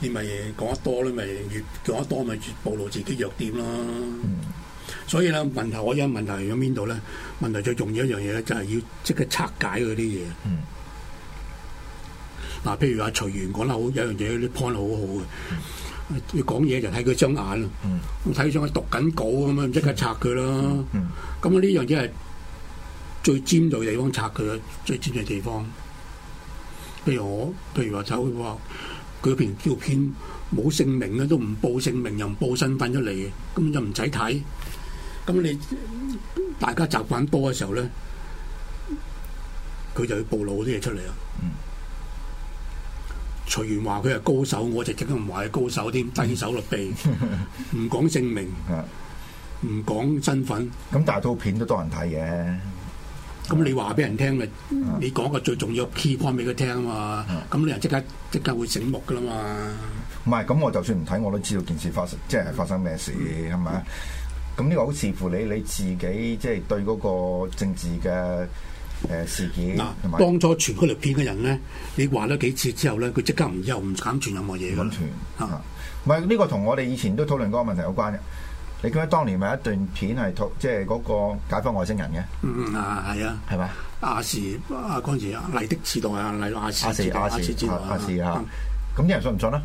你咪講得多咧咪越講得多咪越暴露自己弱點咯。所以咧問題，我依個問題喺邊度咧？問題最重要一樣嘢就係、是、要即刻拆解嗰啲嘢。嗱，譬如阿徐源講得好，有樣嘢啲 point 好好嘅，要講嘢就睇佢張眼睇佢想我讀緊稿咁啊，即刻拆佢啦。咁啊呢樣嘢係。最尖銳地方拆佢，最尖銳地方。譬如我，譬如話走佢話，佢片照片冇姓名嘅，都唔報姓名又唔報身份出嚟，根本就唔使睇。咁你大家習慣多嘅時候咧，佢就要暴露好啲嘢出嚟啦。隨緣話佢係高手，我直直都唔係高手添，低手立臂，唔講 姓名，唔講的身份。咁、嗯、大套片都多人睇嘅。咁、嗯、你話俾人聽咪？嗯、你講個最重要 key point 俾佢聽啊嘛！咁、嗯、你人即刻即刻會醒目噶啦嘛！唔係咁，我就算唔睇，我都知道件事發生，即係發生咩事係咪啊？咁呢、嗯、個好似乎你你自己，即係對嗰個政治嘅誒、呃、事件。嗱、啊，當初傳嗰條片嘅人咧，你話咗幾次之後咧，佢即刻唔以後唔敢傳任何嘢嘅。唔唔係呢個同我哋以前都討論嗰個問題有關嘅。你記得當年咪一段片係套，即係嗰個解放外星人嘅？嗯啊，係啊，係咪？亞視啊，嗰陣時啊，麗的時代啊，麗麗時時代啊，時時代咁，啲人信唔信啦？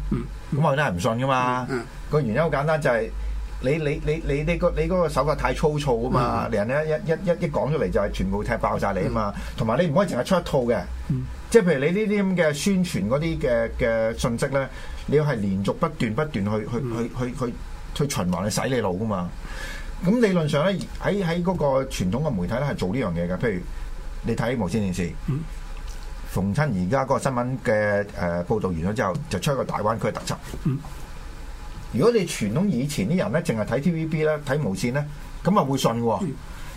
咁我哋都係唔信噶嘛。個、嗯嗯、原因好簡單就，就係你你你你你個你嗰個手法太粗糙啊嘛，嗯嗯、人咧一一一一講出嚟就係全部踢爆曬你啊嘛，同埋、嗯、你唔可以淨係出一套嘅，嗯、即係譬如你呢啲咁嘅宣傳嗰啲嘅嘅信息咧，你要係連續不斷不斷去去去去去。去去去去去去去循環去洗你腦噶嘛？咁理論上咧，喺喺嗰個傳統嘅媒體咧，係做呢樣嘢嘅。譬如你睇無線電視，嗯、逢親而家嗰個新聞嘅誒、呃、報導完咗之後，就出一個大灣區嘅特輯。嗯、如果你傳統以前啲人咧，淨係睇 TVB 啦，睇無線咧，咁啊會信嘅。嗯、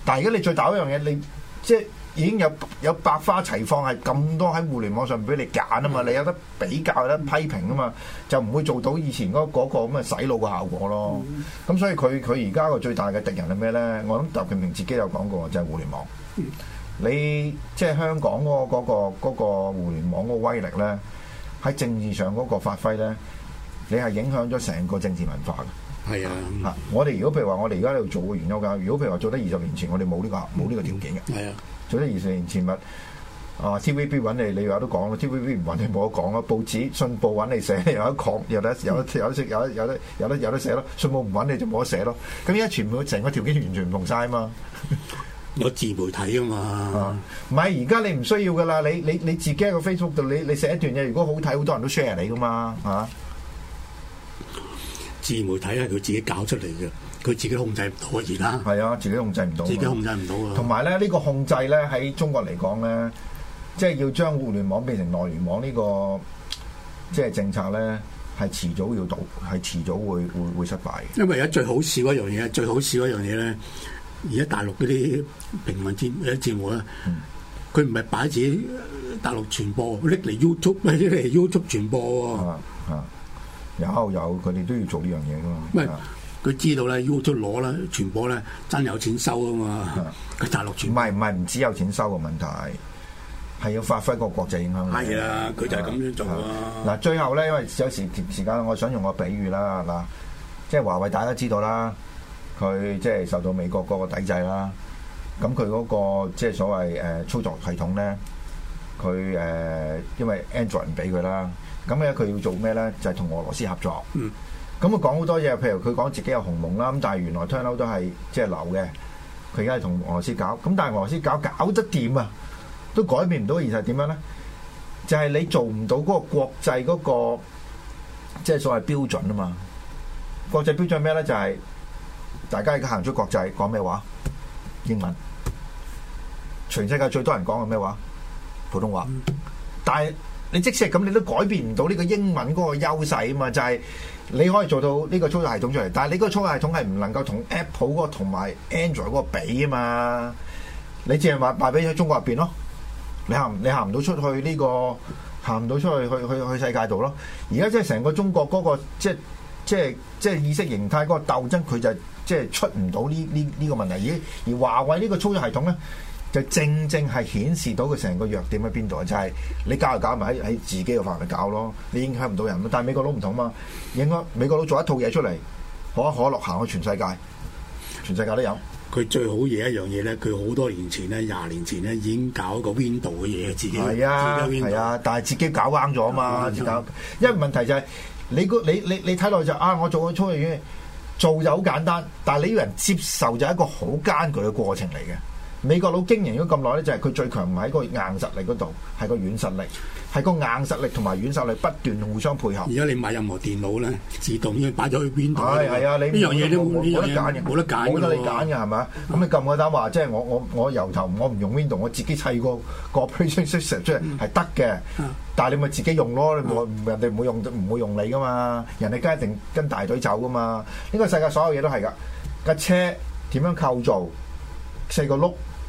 但係如果你再搞一樣嘢，你即係。已經有有百花齊放，係咁多喺互聯網上俾你揀啊嘛，嗯、你有得比較，有得批評啊嘛，就唔會做到以前嗰個咁嘅洗腦嘅效果咯。咁、嗯、所以佢佢而家個最大嘅敵人係咩呢？我諗習近平自己有講過，就係、是、互聯網。你即係、就是、香港嗰、個嗰個嗰個互聯網嗰個威力呢，喺政治上嗰個發揮呢，你係影響咗成個政治文化嘅。係啊，嗯、我哋如果譬如話，我哋而家喺度做個研究嘅，如果譬如話做得二十年前，我哋冇呢個冇呢個條件嘅。係啊。做咗二四年前物，啊 TVB 揾你，你又都講啦。TVB 唔揾你冇得講啦。報紙、信報揾你寫，有得講，有得有有得有得有得有得寫咯。信報唔揾你就冇得寫咯。咁而家全部成個條件完全唔同晒啊嘛。有自媒體啊嘛，唔係而家你唔需要噶啦。你你你自己喺個 Facebook 度，你你寫一段嘢，如果好睇，好多人都 share 你噶嘛嚇。啊、自媒體係佢自己搞出嚟嘅。佢自己控制唔到啊！而家係啊，自己控制唔到，自己控制唔到啊！同埋咧，呢個控制咧喺中國嚟講咧，即係要將互聯網變成內聯網呢個，即係政策咧，係遲早要倒，係遲早會會會失敗嘅。因為而家最好笑嗰樣嘢，最好笑嗰樣嘢咧，而家大陸嗰啲平民節，而家節目啊，佢唔係擺自己大陸傳播，拎嚟 YouTube 嚟 YouTube 傳播啊、哦、啊！有有，佢哋都要做呢樣嘢噶嘛？佢知道咧要 o 攞啦，全部咧真有錢收啊嘛！佢、啊、大陸傳播唔係唔係唔止有錢收嘅問題，係要發揮個國際影響力。係啊，佢就係咁樣做嗱、啊，最後咧，因為有時段時間，我想用個比喻啦，嗱，即係華為大家都知道啦，佢即係受到美國嗰個抵制啦，咁佢嗰個即係所謂誒、呃、操作系統咧，佢誒、呃、因為 Android 唔俾佢啦，咁咧佢要做咩咧？就係、是、同俄羅斯合作、嗯。咁啊，講好多嘢，譬如佢講自己有鴻蒙啦，咁但係原來 turn out 都係即係流嘅。佢而家同俄羅斯搞，咁但係俄羅斯搞搞得掂啊？都改變唔到現實點樣咧？就係、是、你做唔到嗰個國際嗰、那個即係、就是、所謂標準啊嘛。國際標準咩咧？就係、是、大家而家行出國際講咩話？英文全世界最多人講嘅咩話？普通話。但係你即使咁，你都改變唔到呢個英文嗰個優勢啊嘛，就係、是。你可以做到呢個操作系統出嚟，但係你個操作系統係唔能夠同 Apple 嗰個同埋 Android 嗰個比啊嘛！你淨係話賣俾咗中國入邊咯，你行你行唔到出去呢個，行唔到出去去去去世界度咯。而家即係成個中國嗰個即係即係即係意識形態嗰個鬥爭，佢就即係出唔到呢呢呢個問題。而而華為呢個操作系統咧？就正正係顯示到佢成個弱點喺邊度，就係、是、你搞，搞就搞埋喺喺自己個範圍搞咯，你影響唔到人。但係美國佬唔同嘛，應該美國佬做一套嘢出嚟，可口可樂行去全世界，全世界都有。佢最好嘢一樣嘢咧，佢好多年前咧，廿年前咧已經搞一個 window 嘅嘢自己，係啊係己啊，但係自己搞啱咗啊嘛，啊搞。啊、因為問題就係、是、你你你你睇落就啊，我做個粗嘢，做就好簡單，但係你要人接受就係一個好艱巨嘅過程嚟嘅。美國佬經營咗咁耐咧，就係、是、佢最強唔喺個硬實力嗰度，係個軟實力，係個硬實力同埋軟實力不斷互相配合。而家你買任何電腦咧，自動要擺咗去邊度？哎呀？係啊，你呢樣嘢都冇我得揀嘅，冇得揀，冇得你揀嘅係咪？咁你夠唔夠膽話，即係我我我由頭我唔用 Windows，我自己砌個個 presentation 出嚟係得嘅。但係你咪自己用咯，你、嗯、人哋唔會用，唔會、嗯、用你噶嘛？人哋一定跟大隊走噶嘛？呢、這個世界所有嘢都係噶。架車點樣構造？四個轆。點解唔係五個轆咧？點解唔係六個轆咧？點解唔係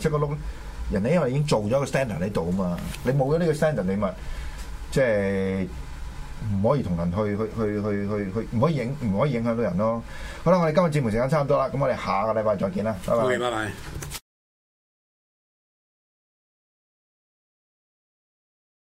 七個轆咧？人哋因為已經做咗個 standard 喺度啊嘛，你冇咗呢個 standard 你咪，即係唔可以同人去去去去去去，唔可以影唔可以影響到人咯。好啦，我哋今日節目時間差唔多啦，咁我哋下個禮拜再見啦，拜拜。謝謝，拜拜。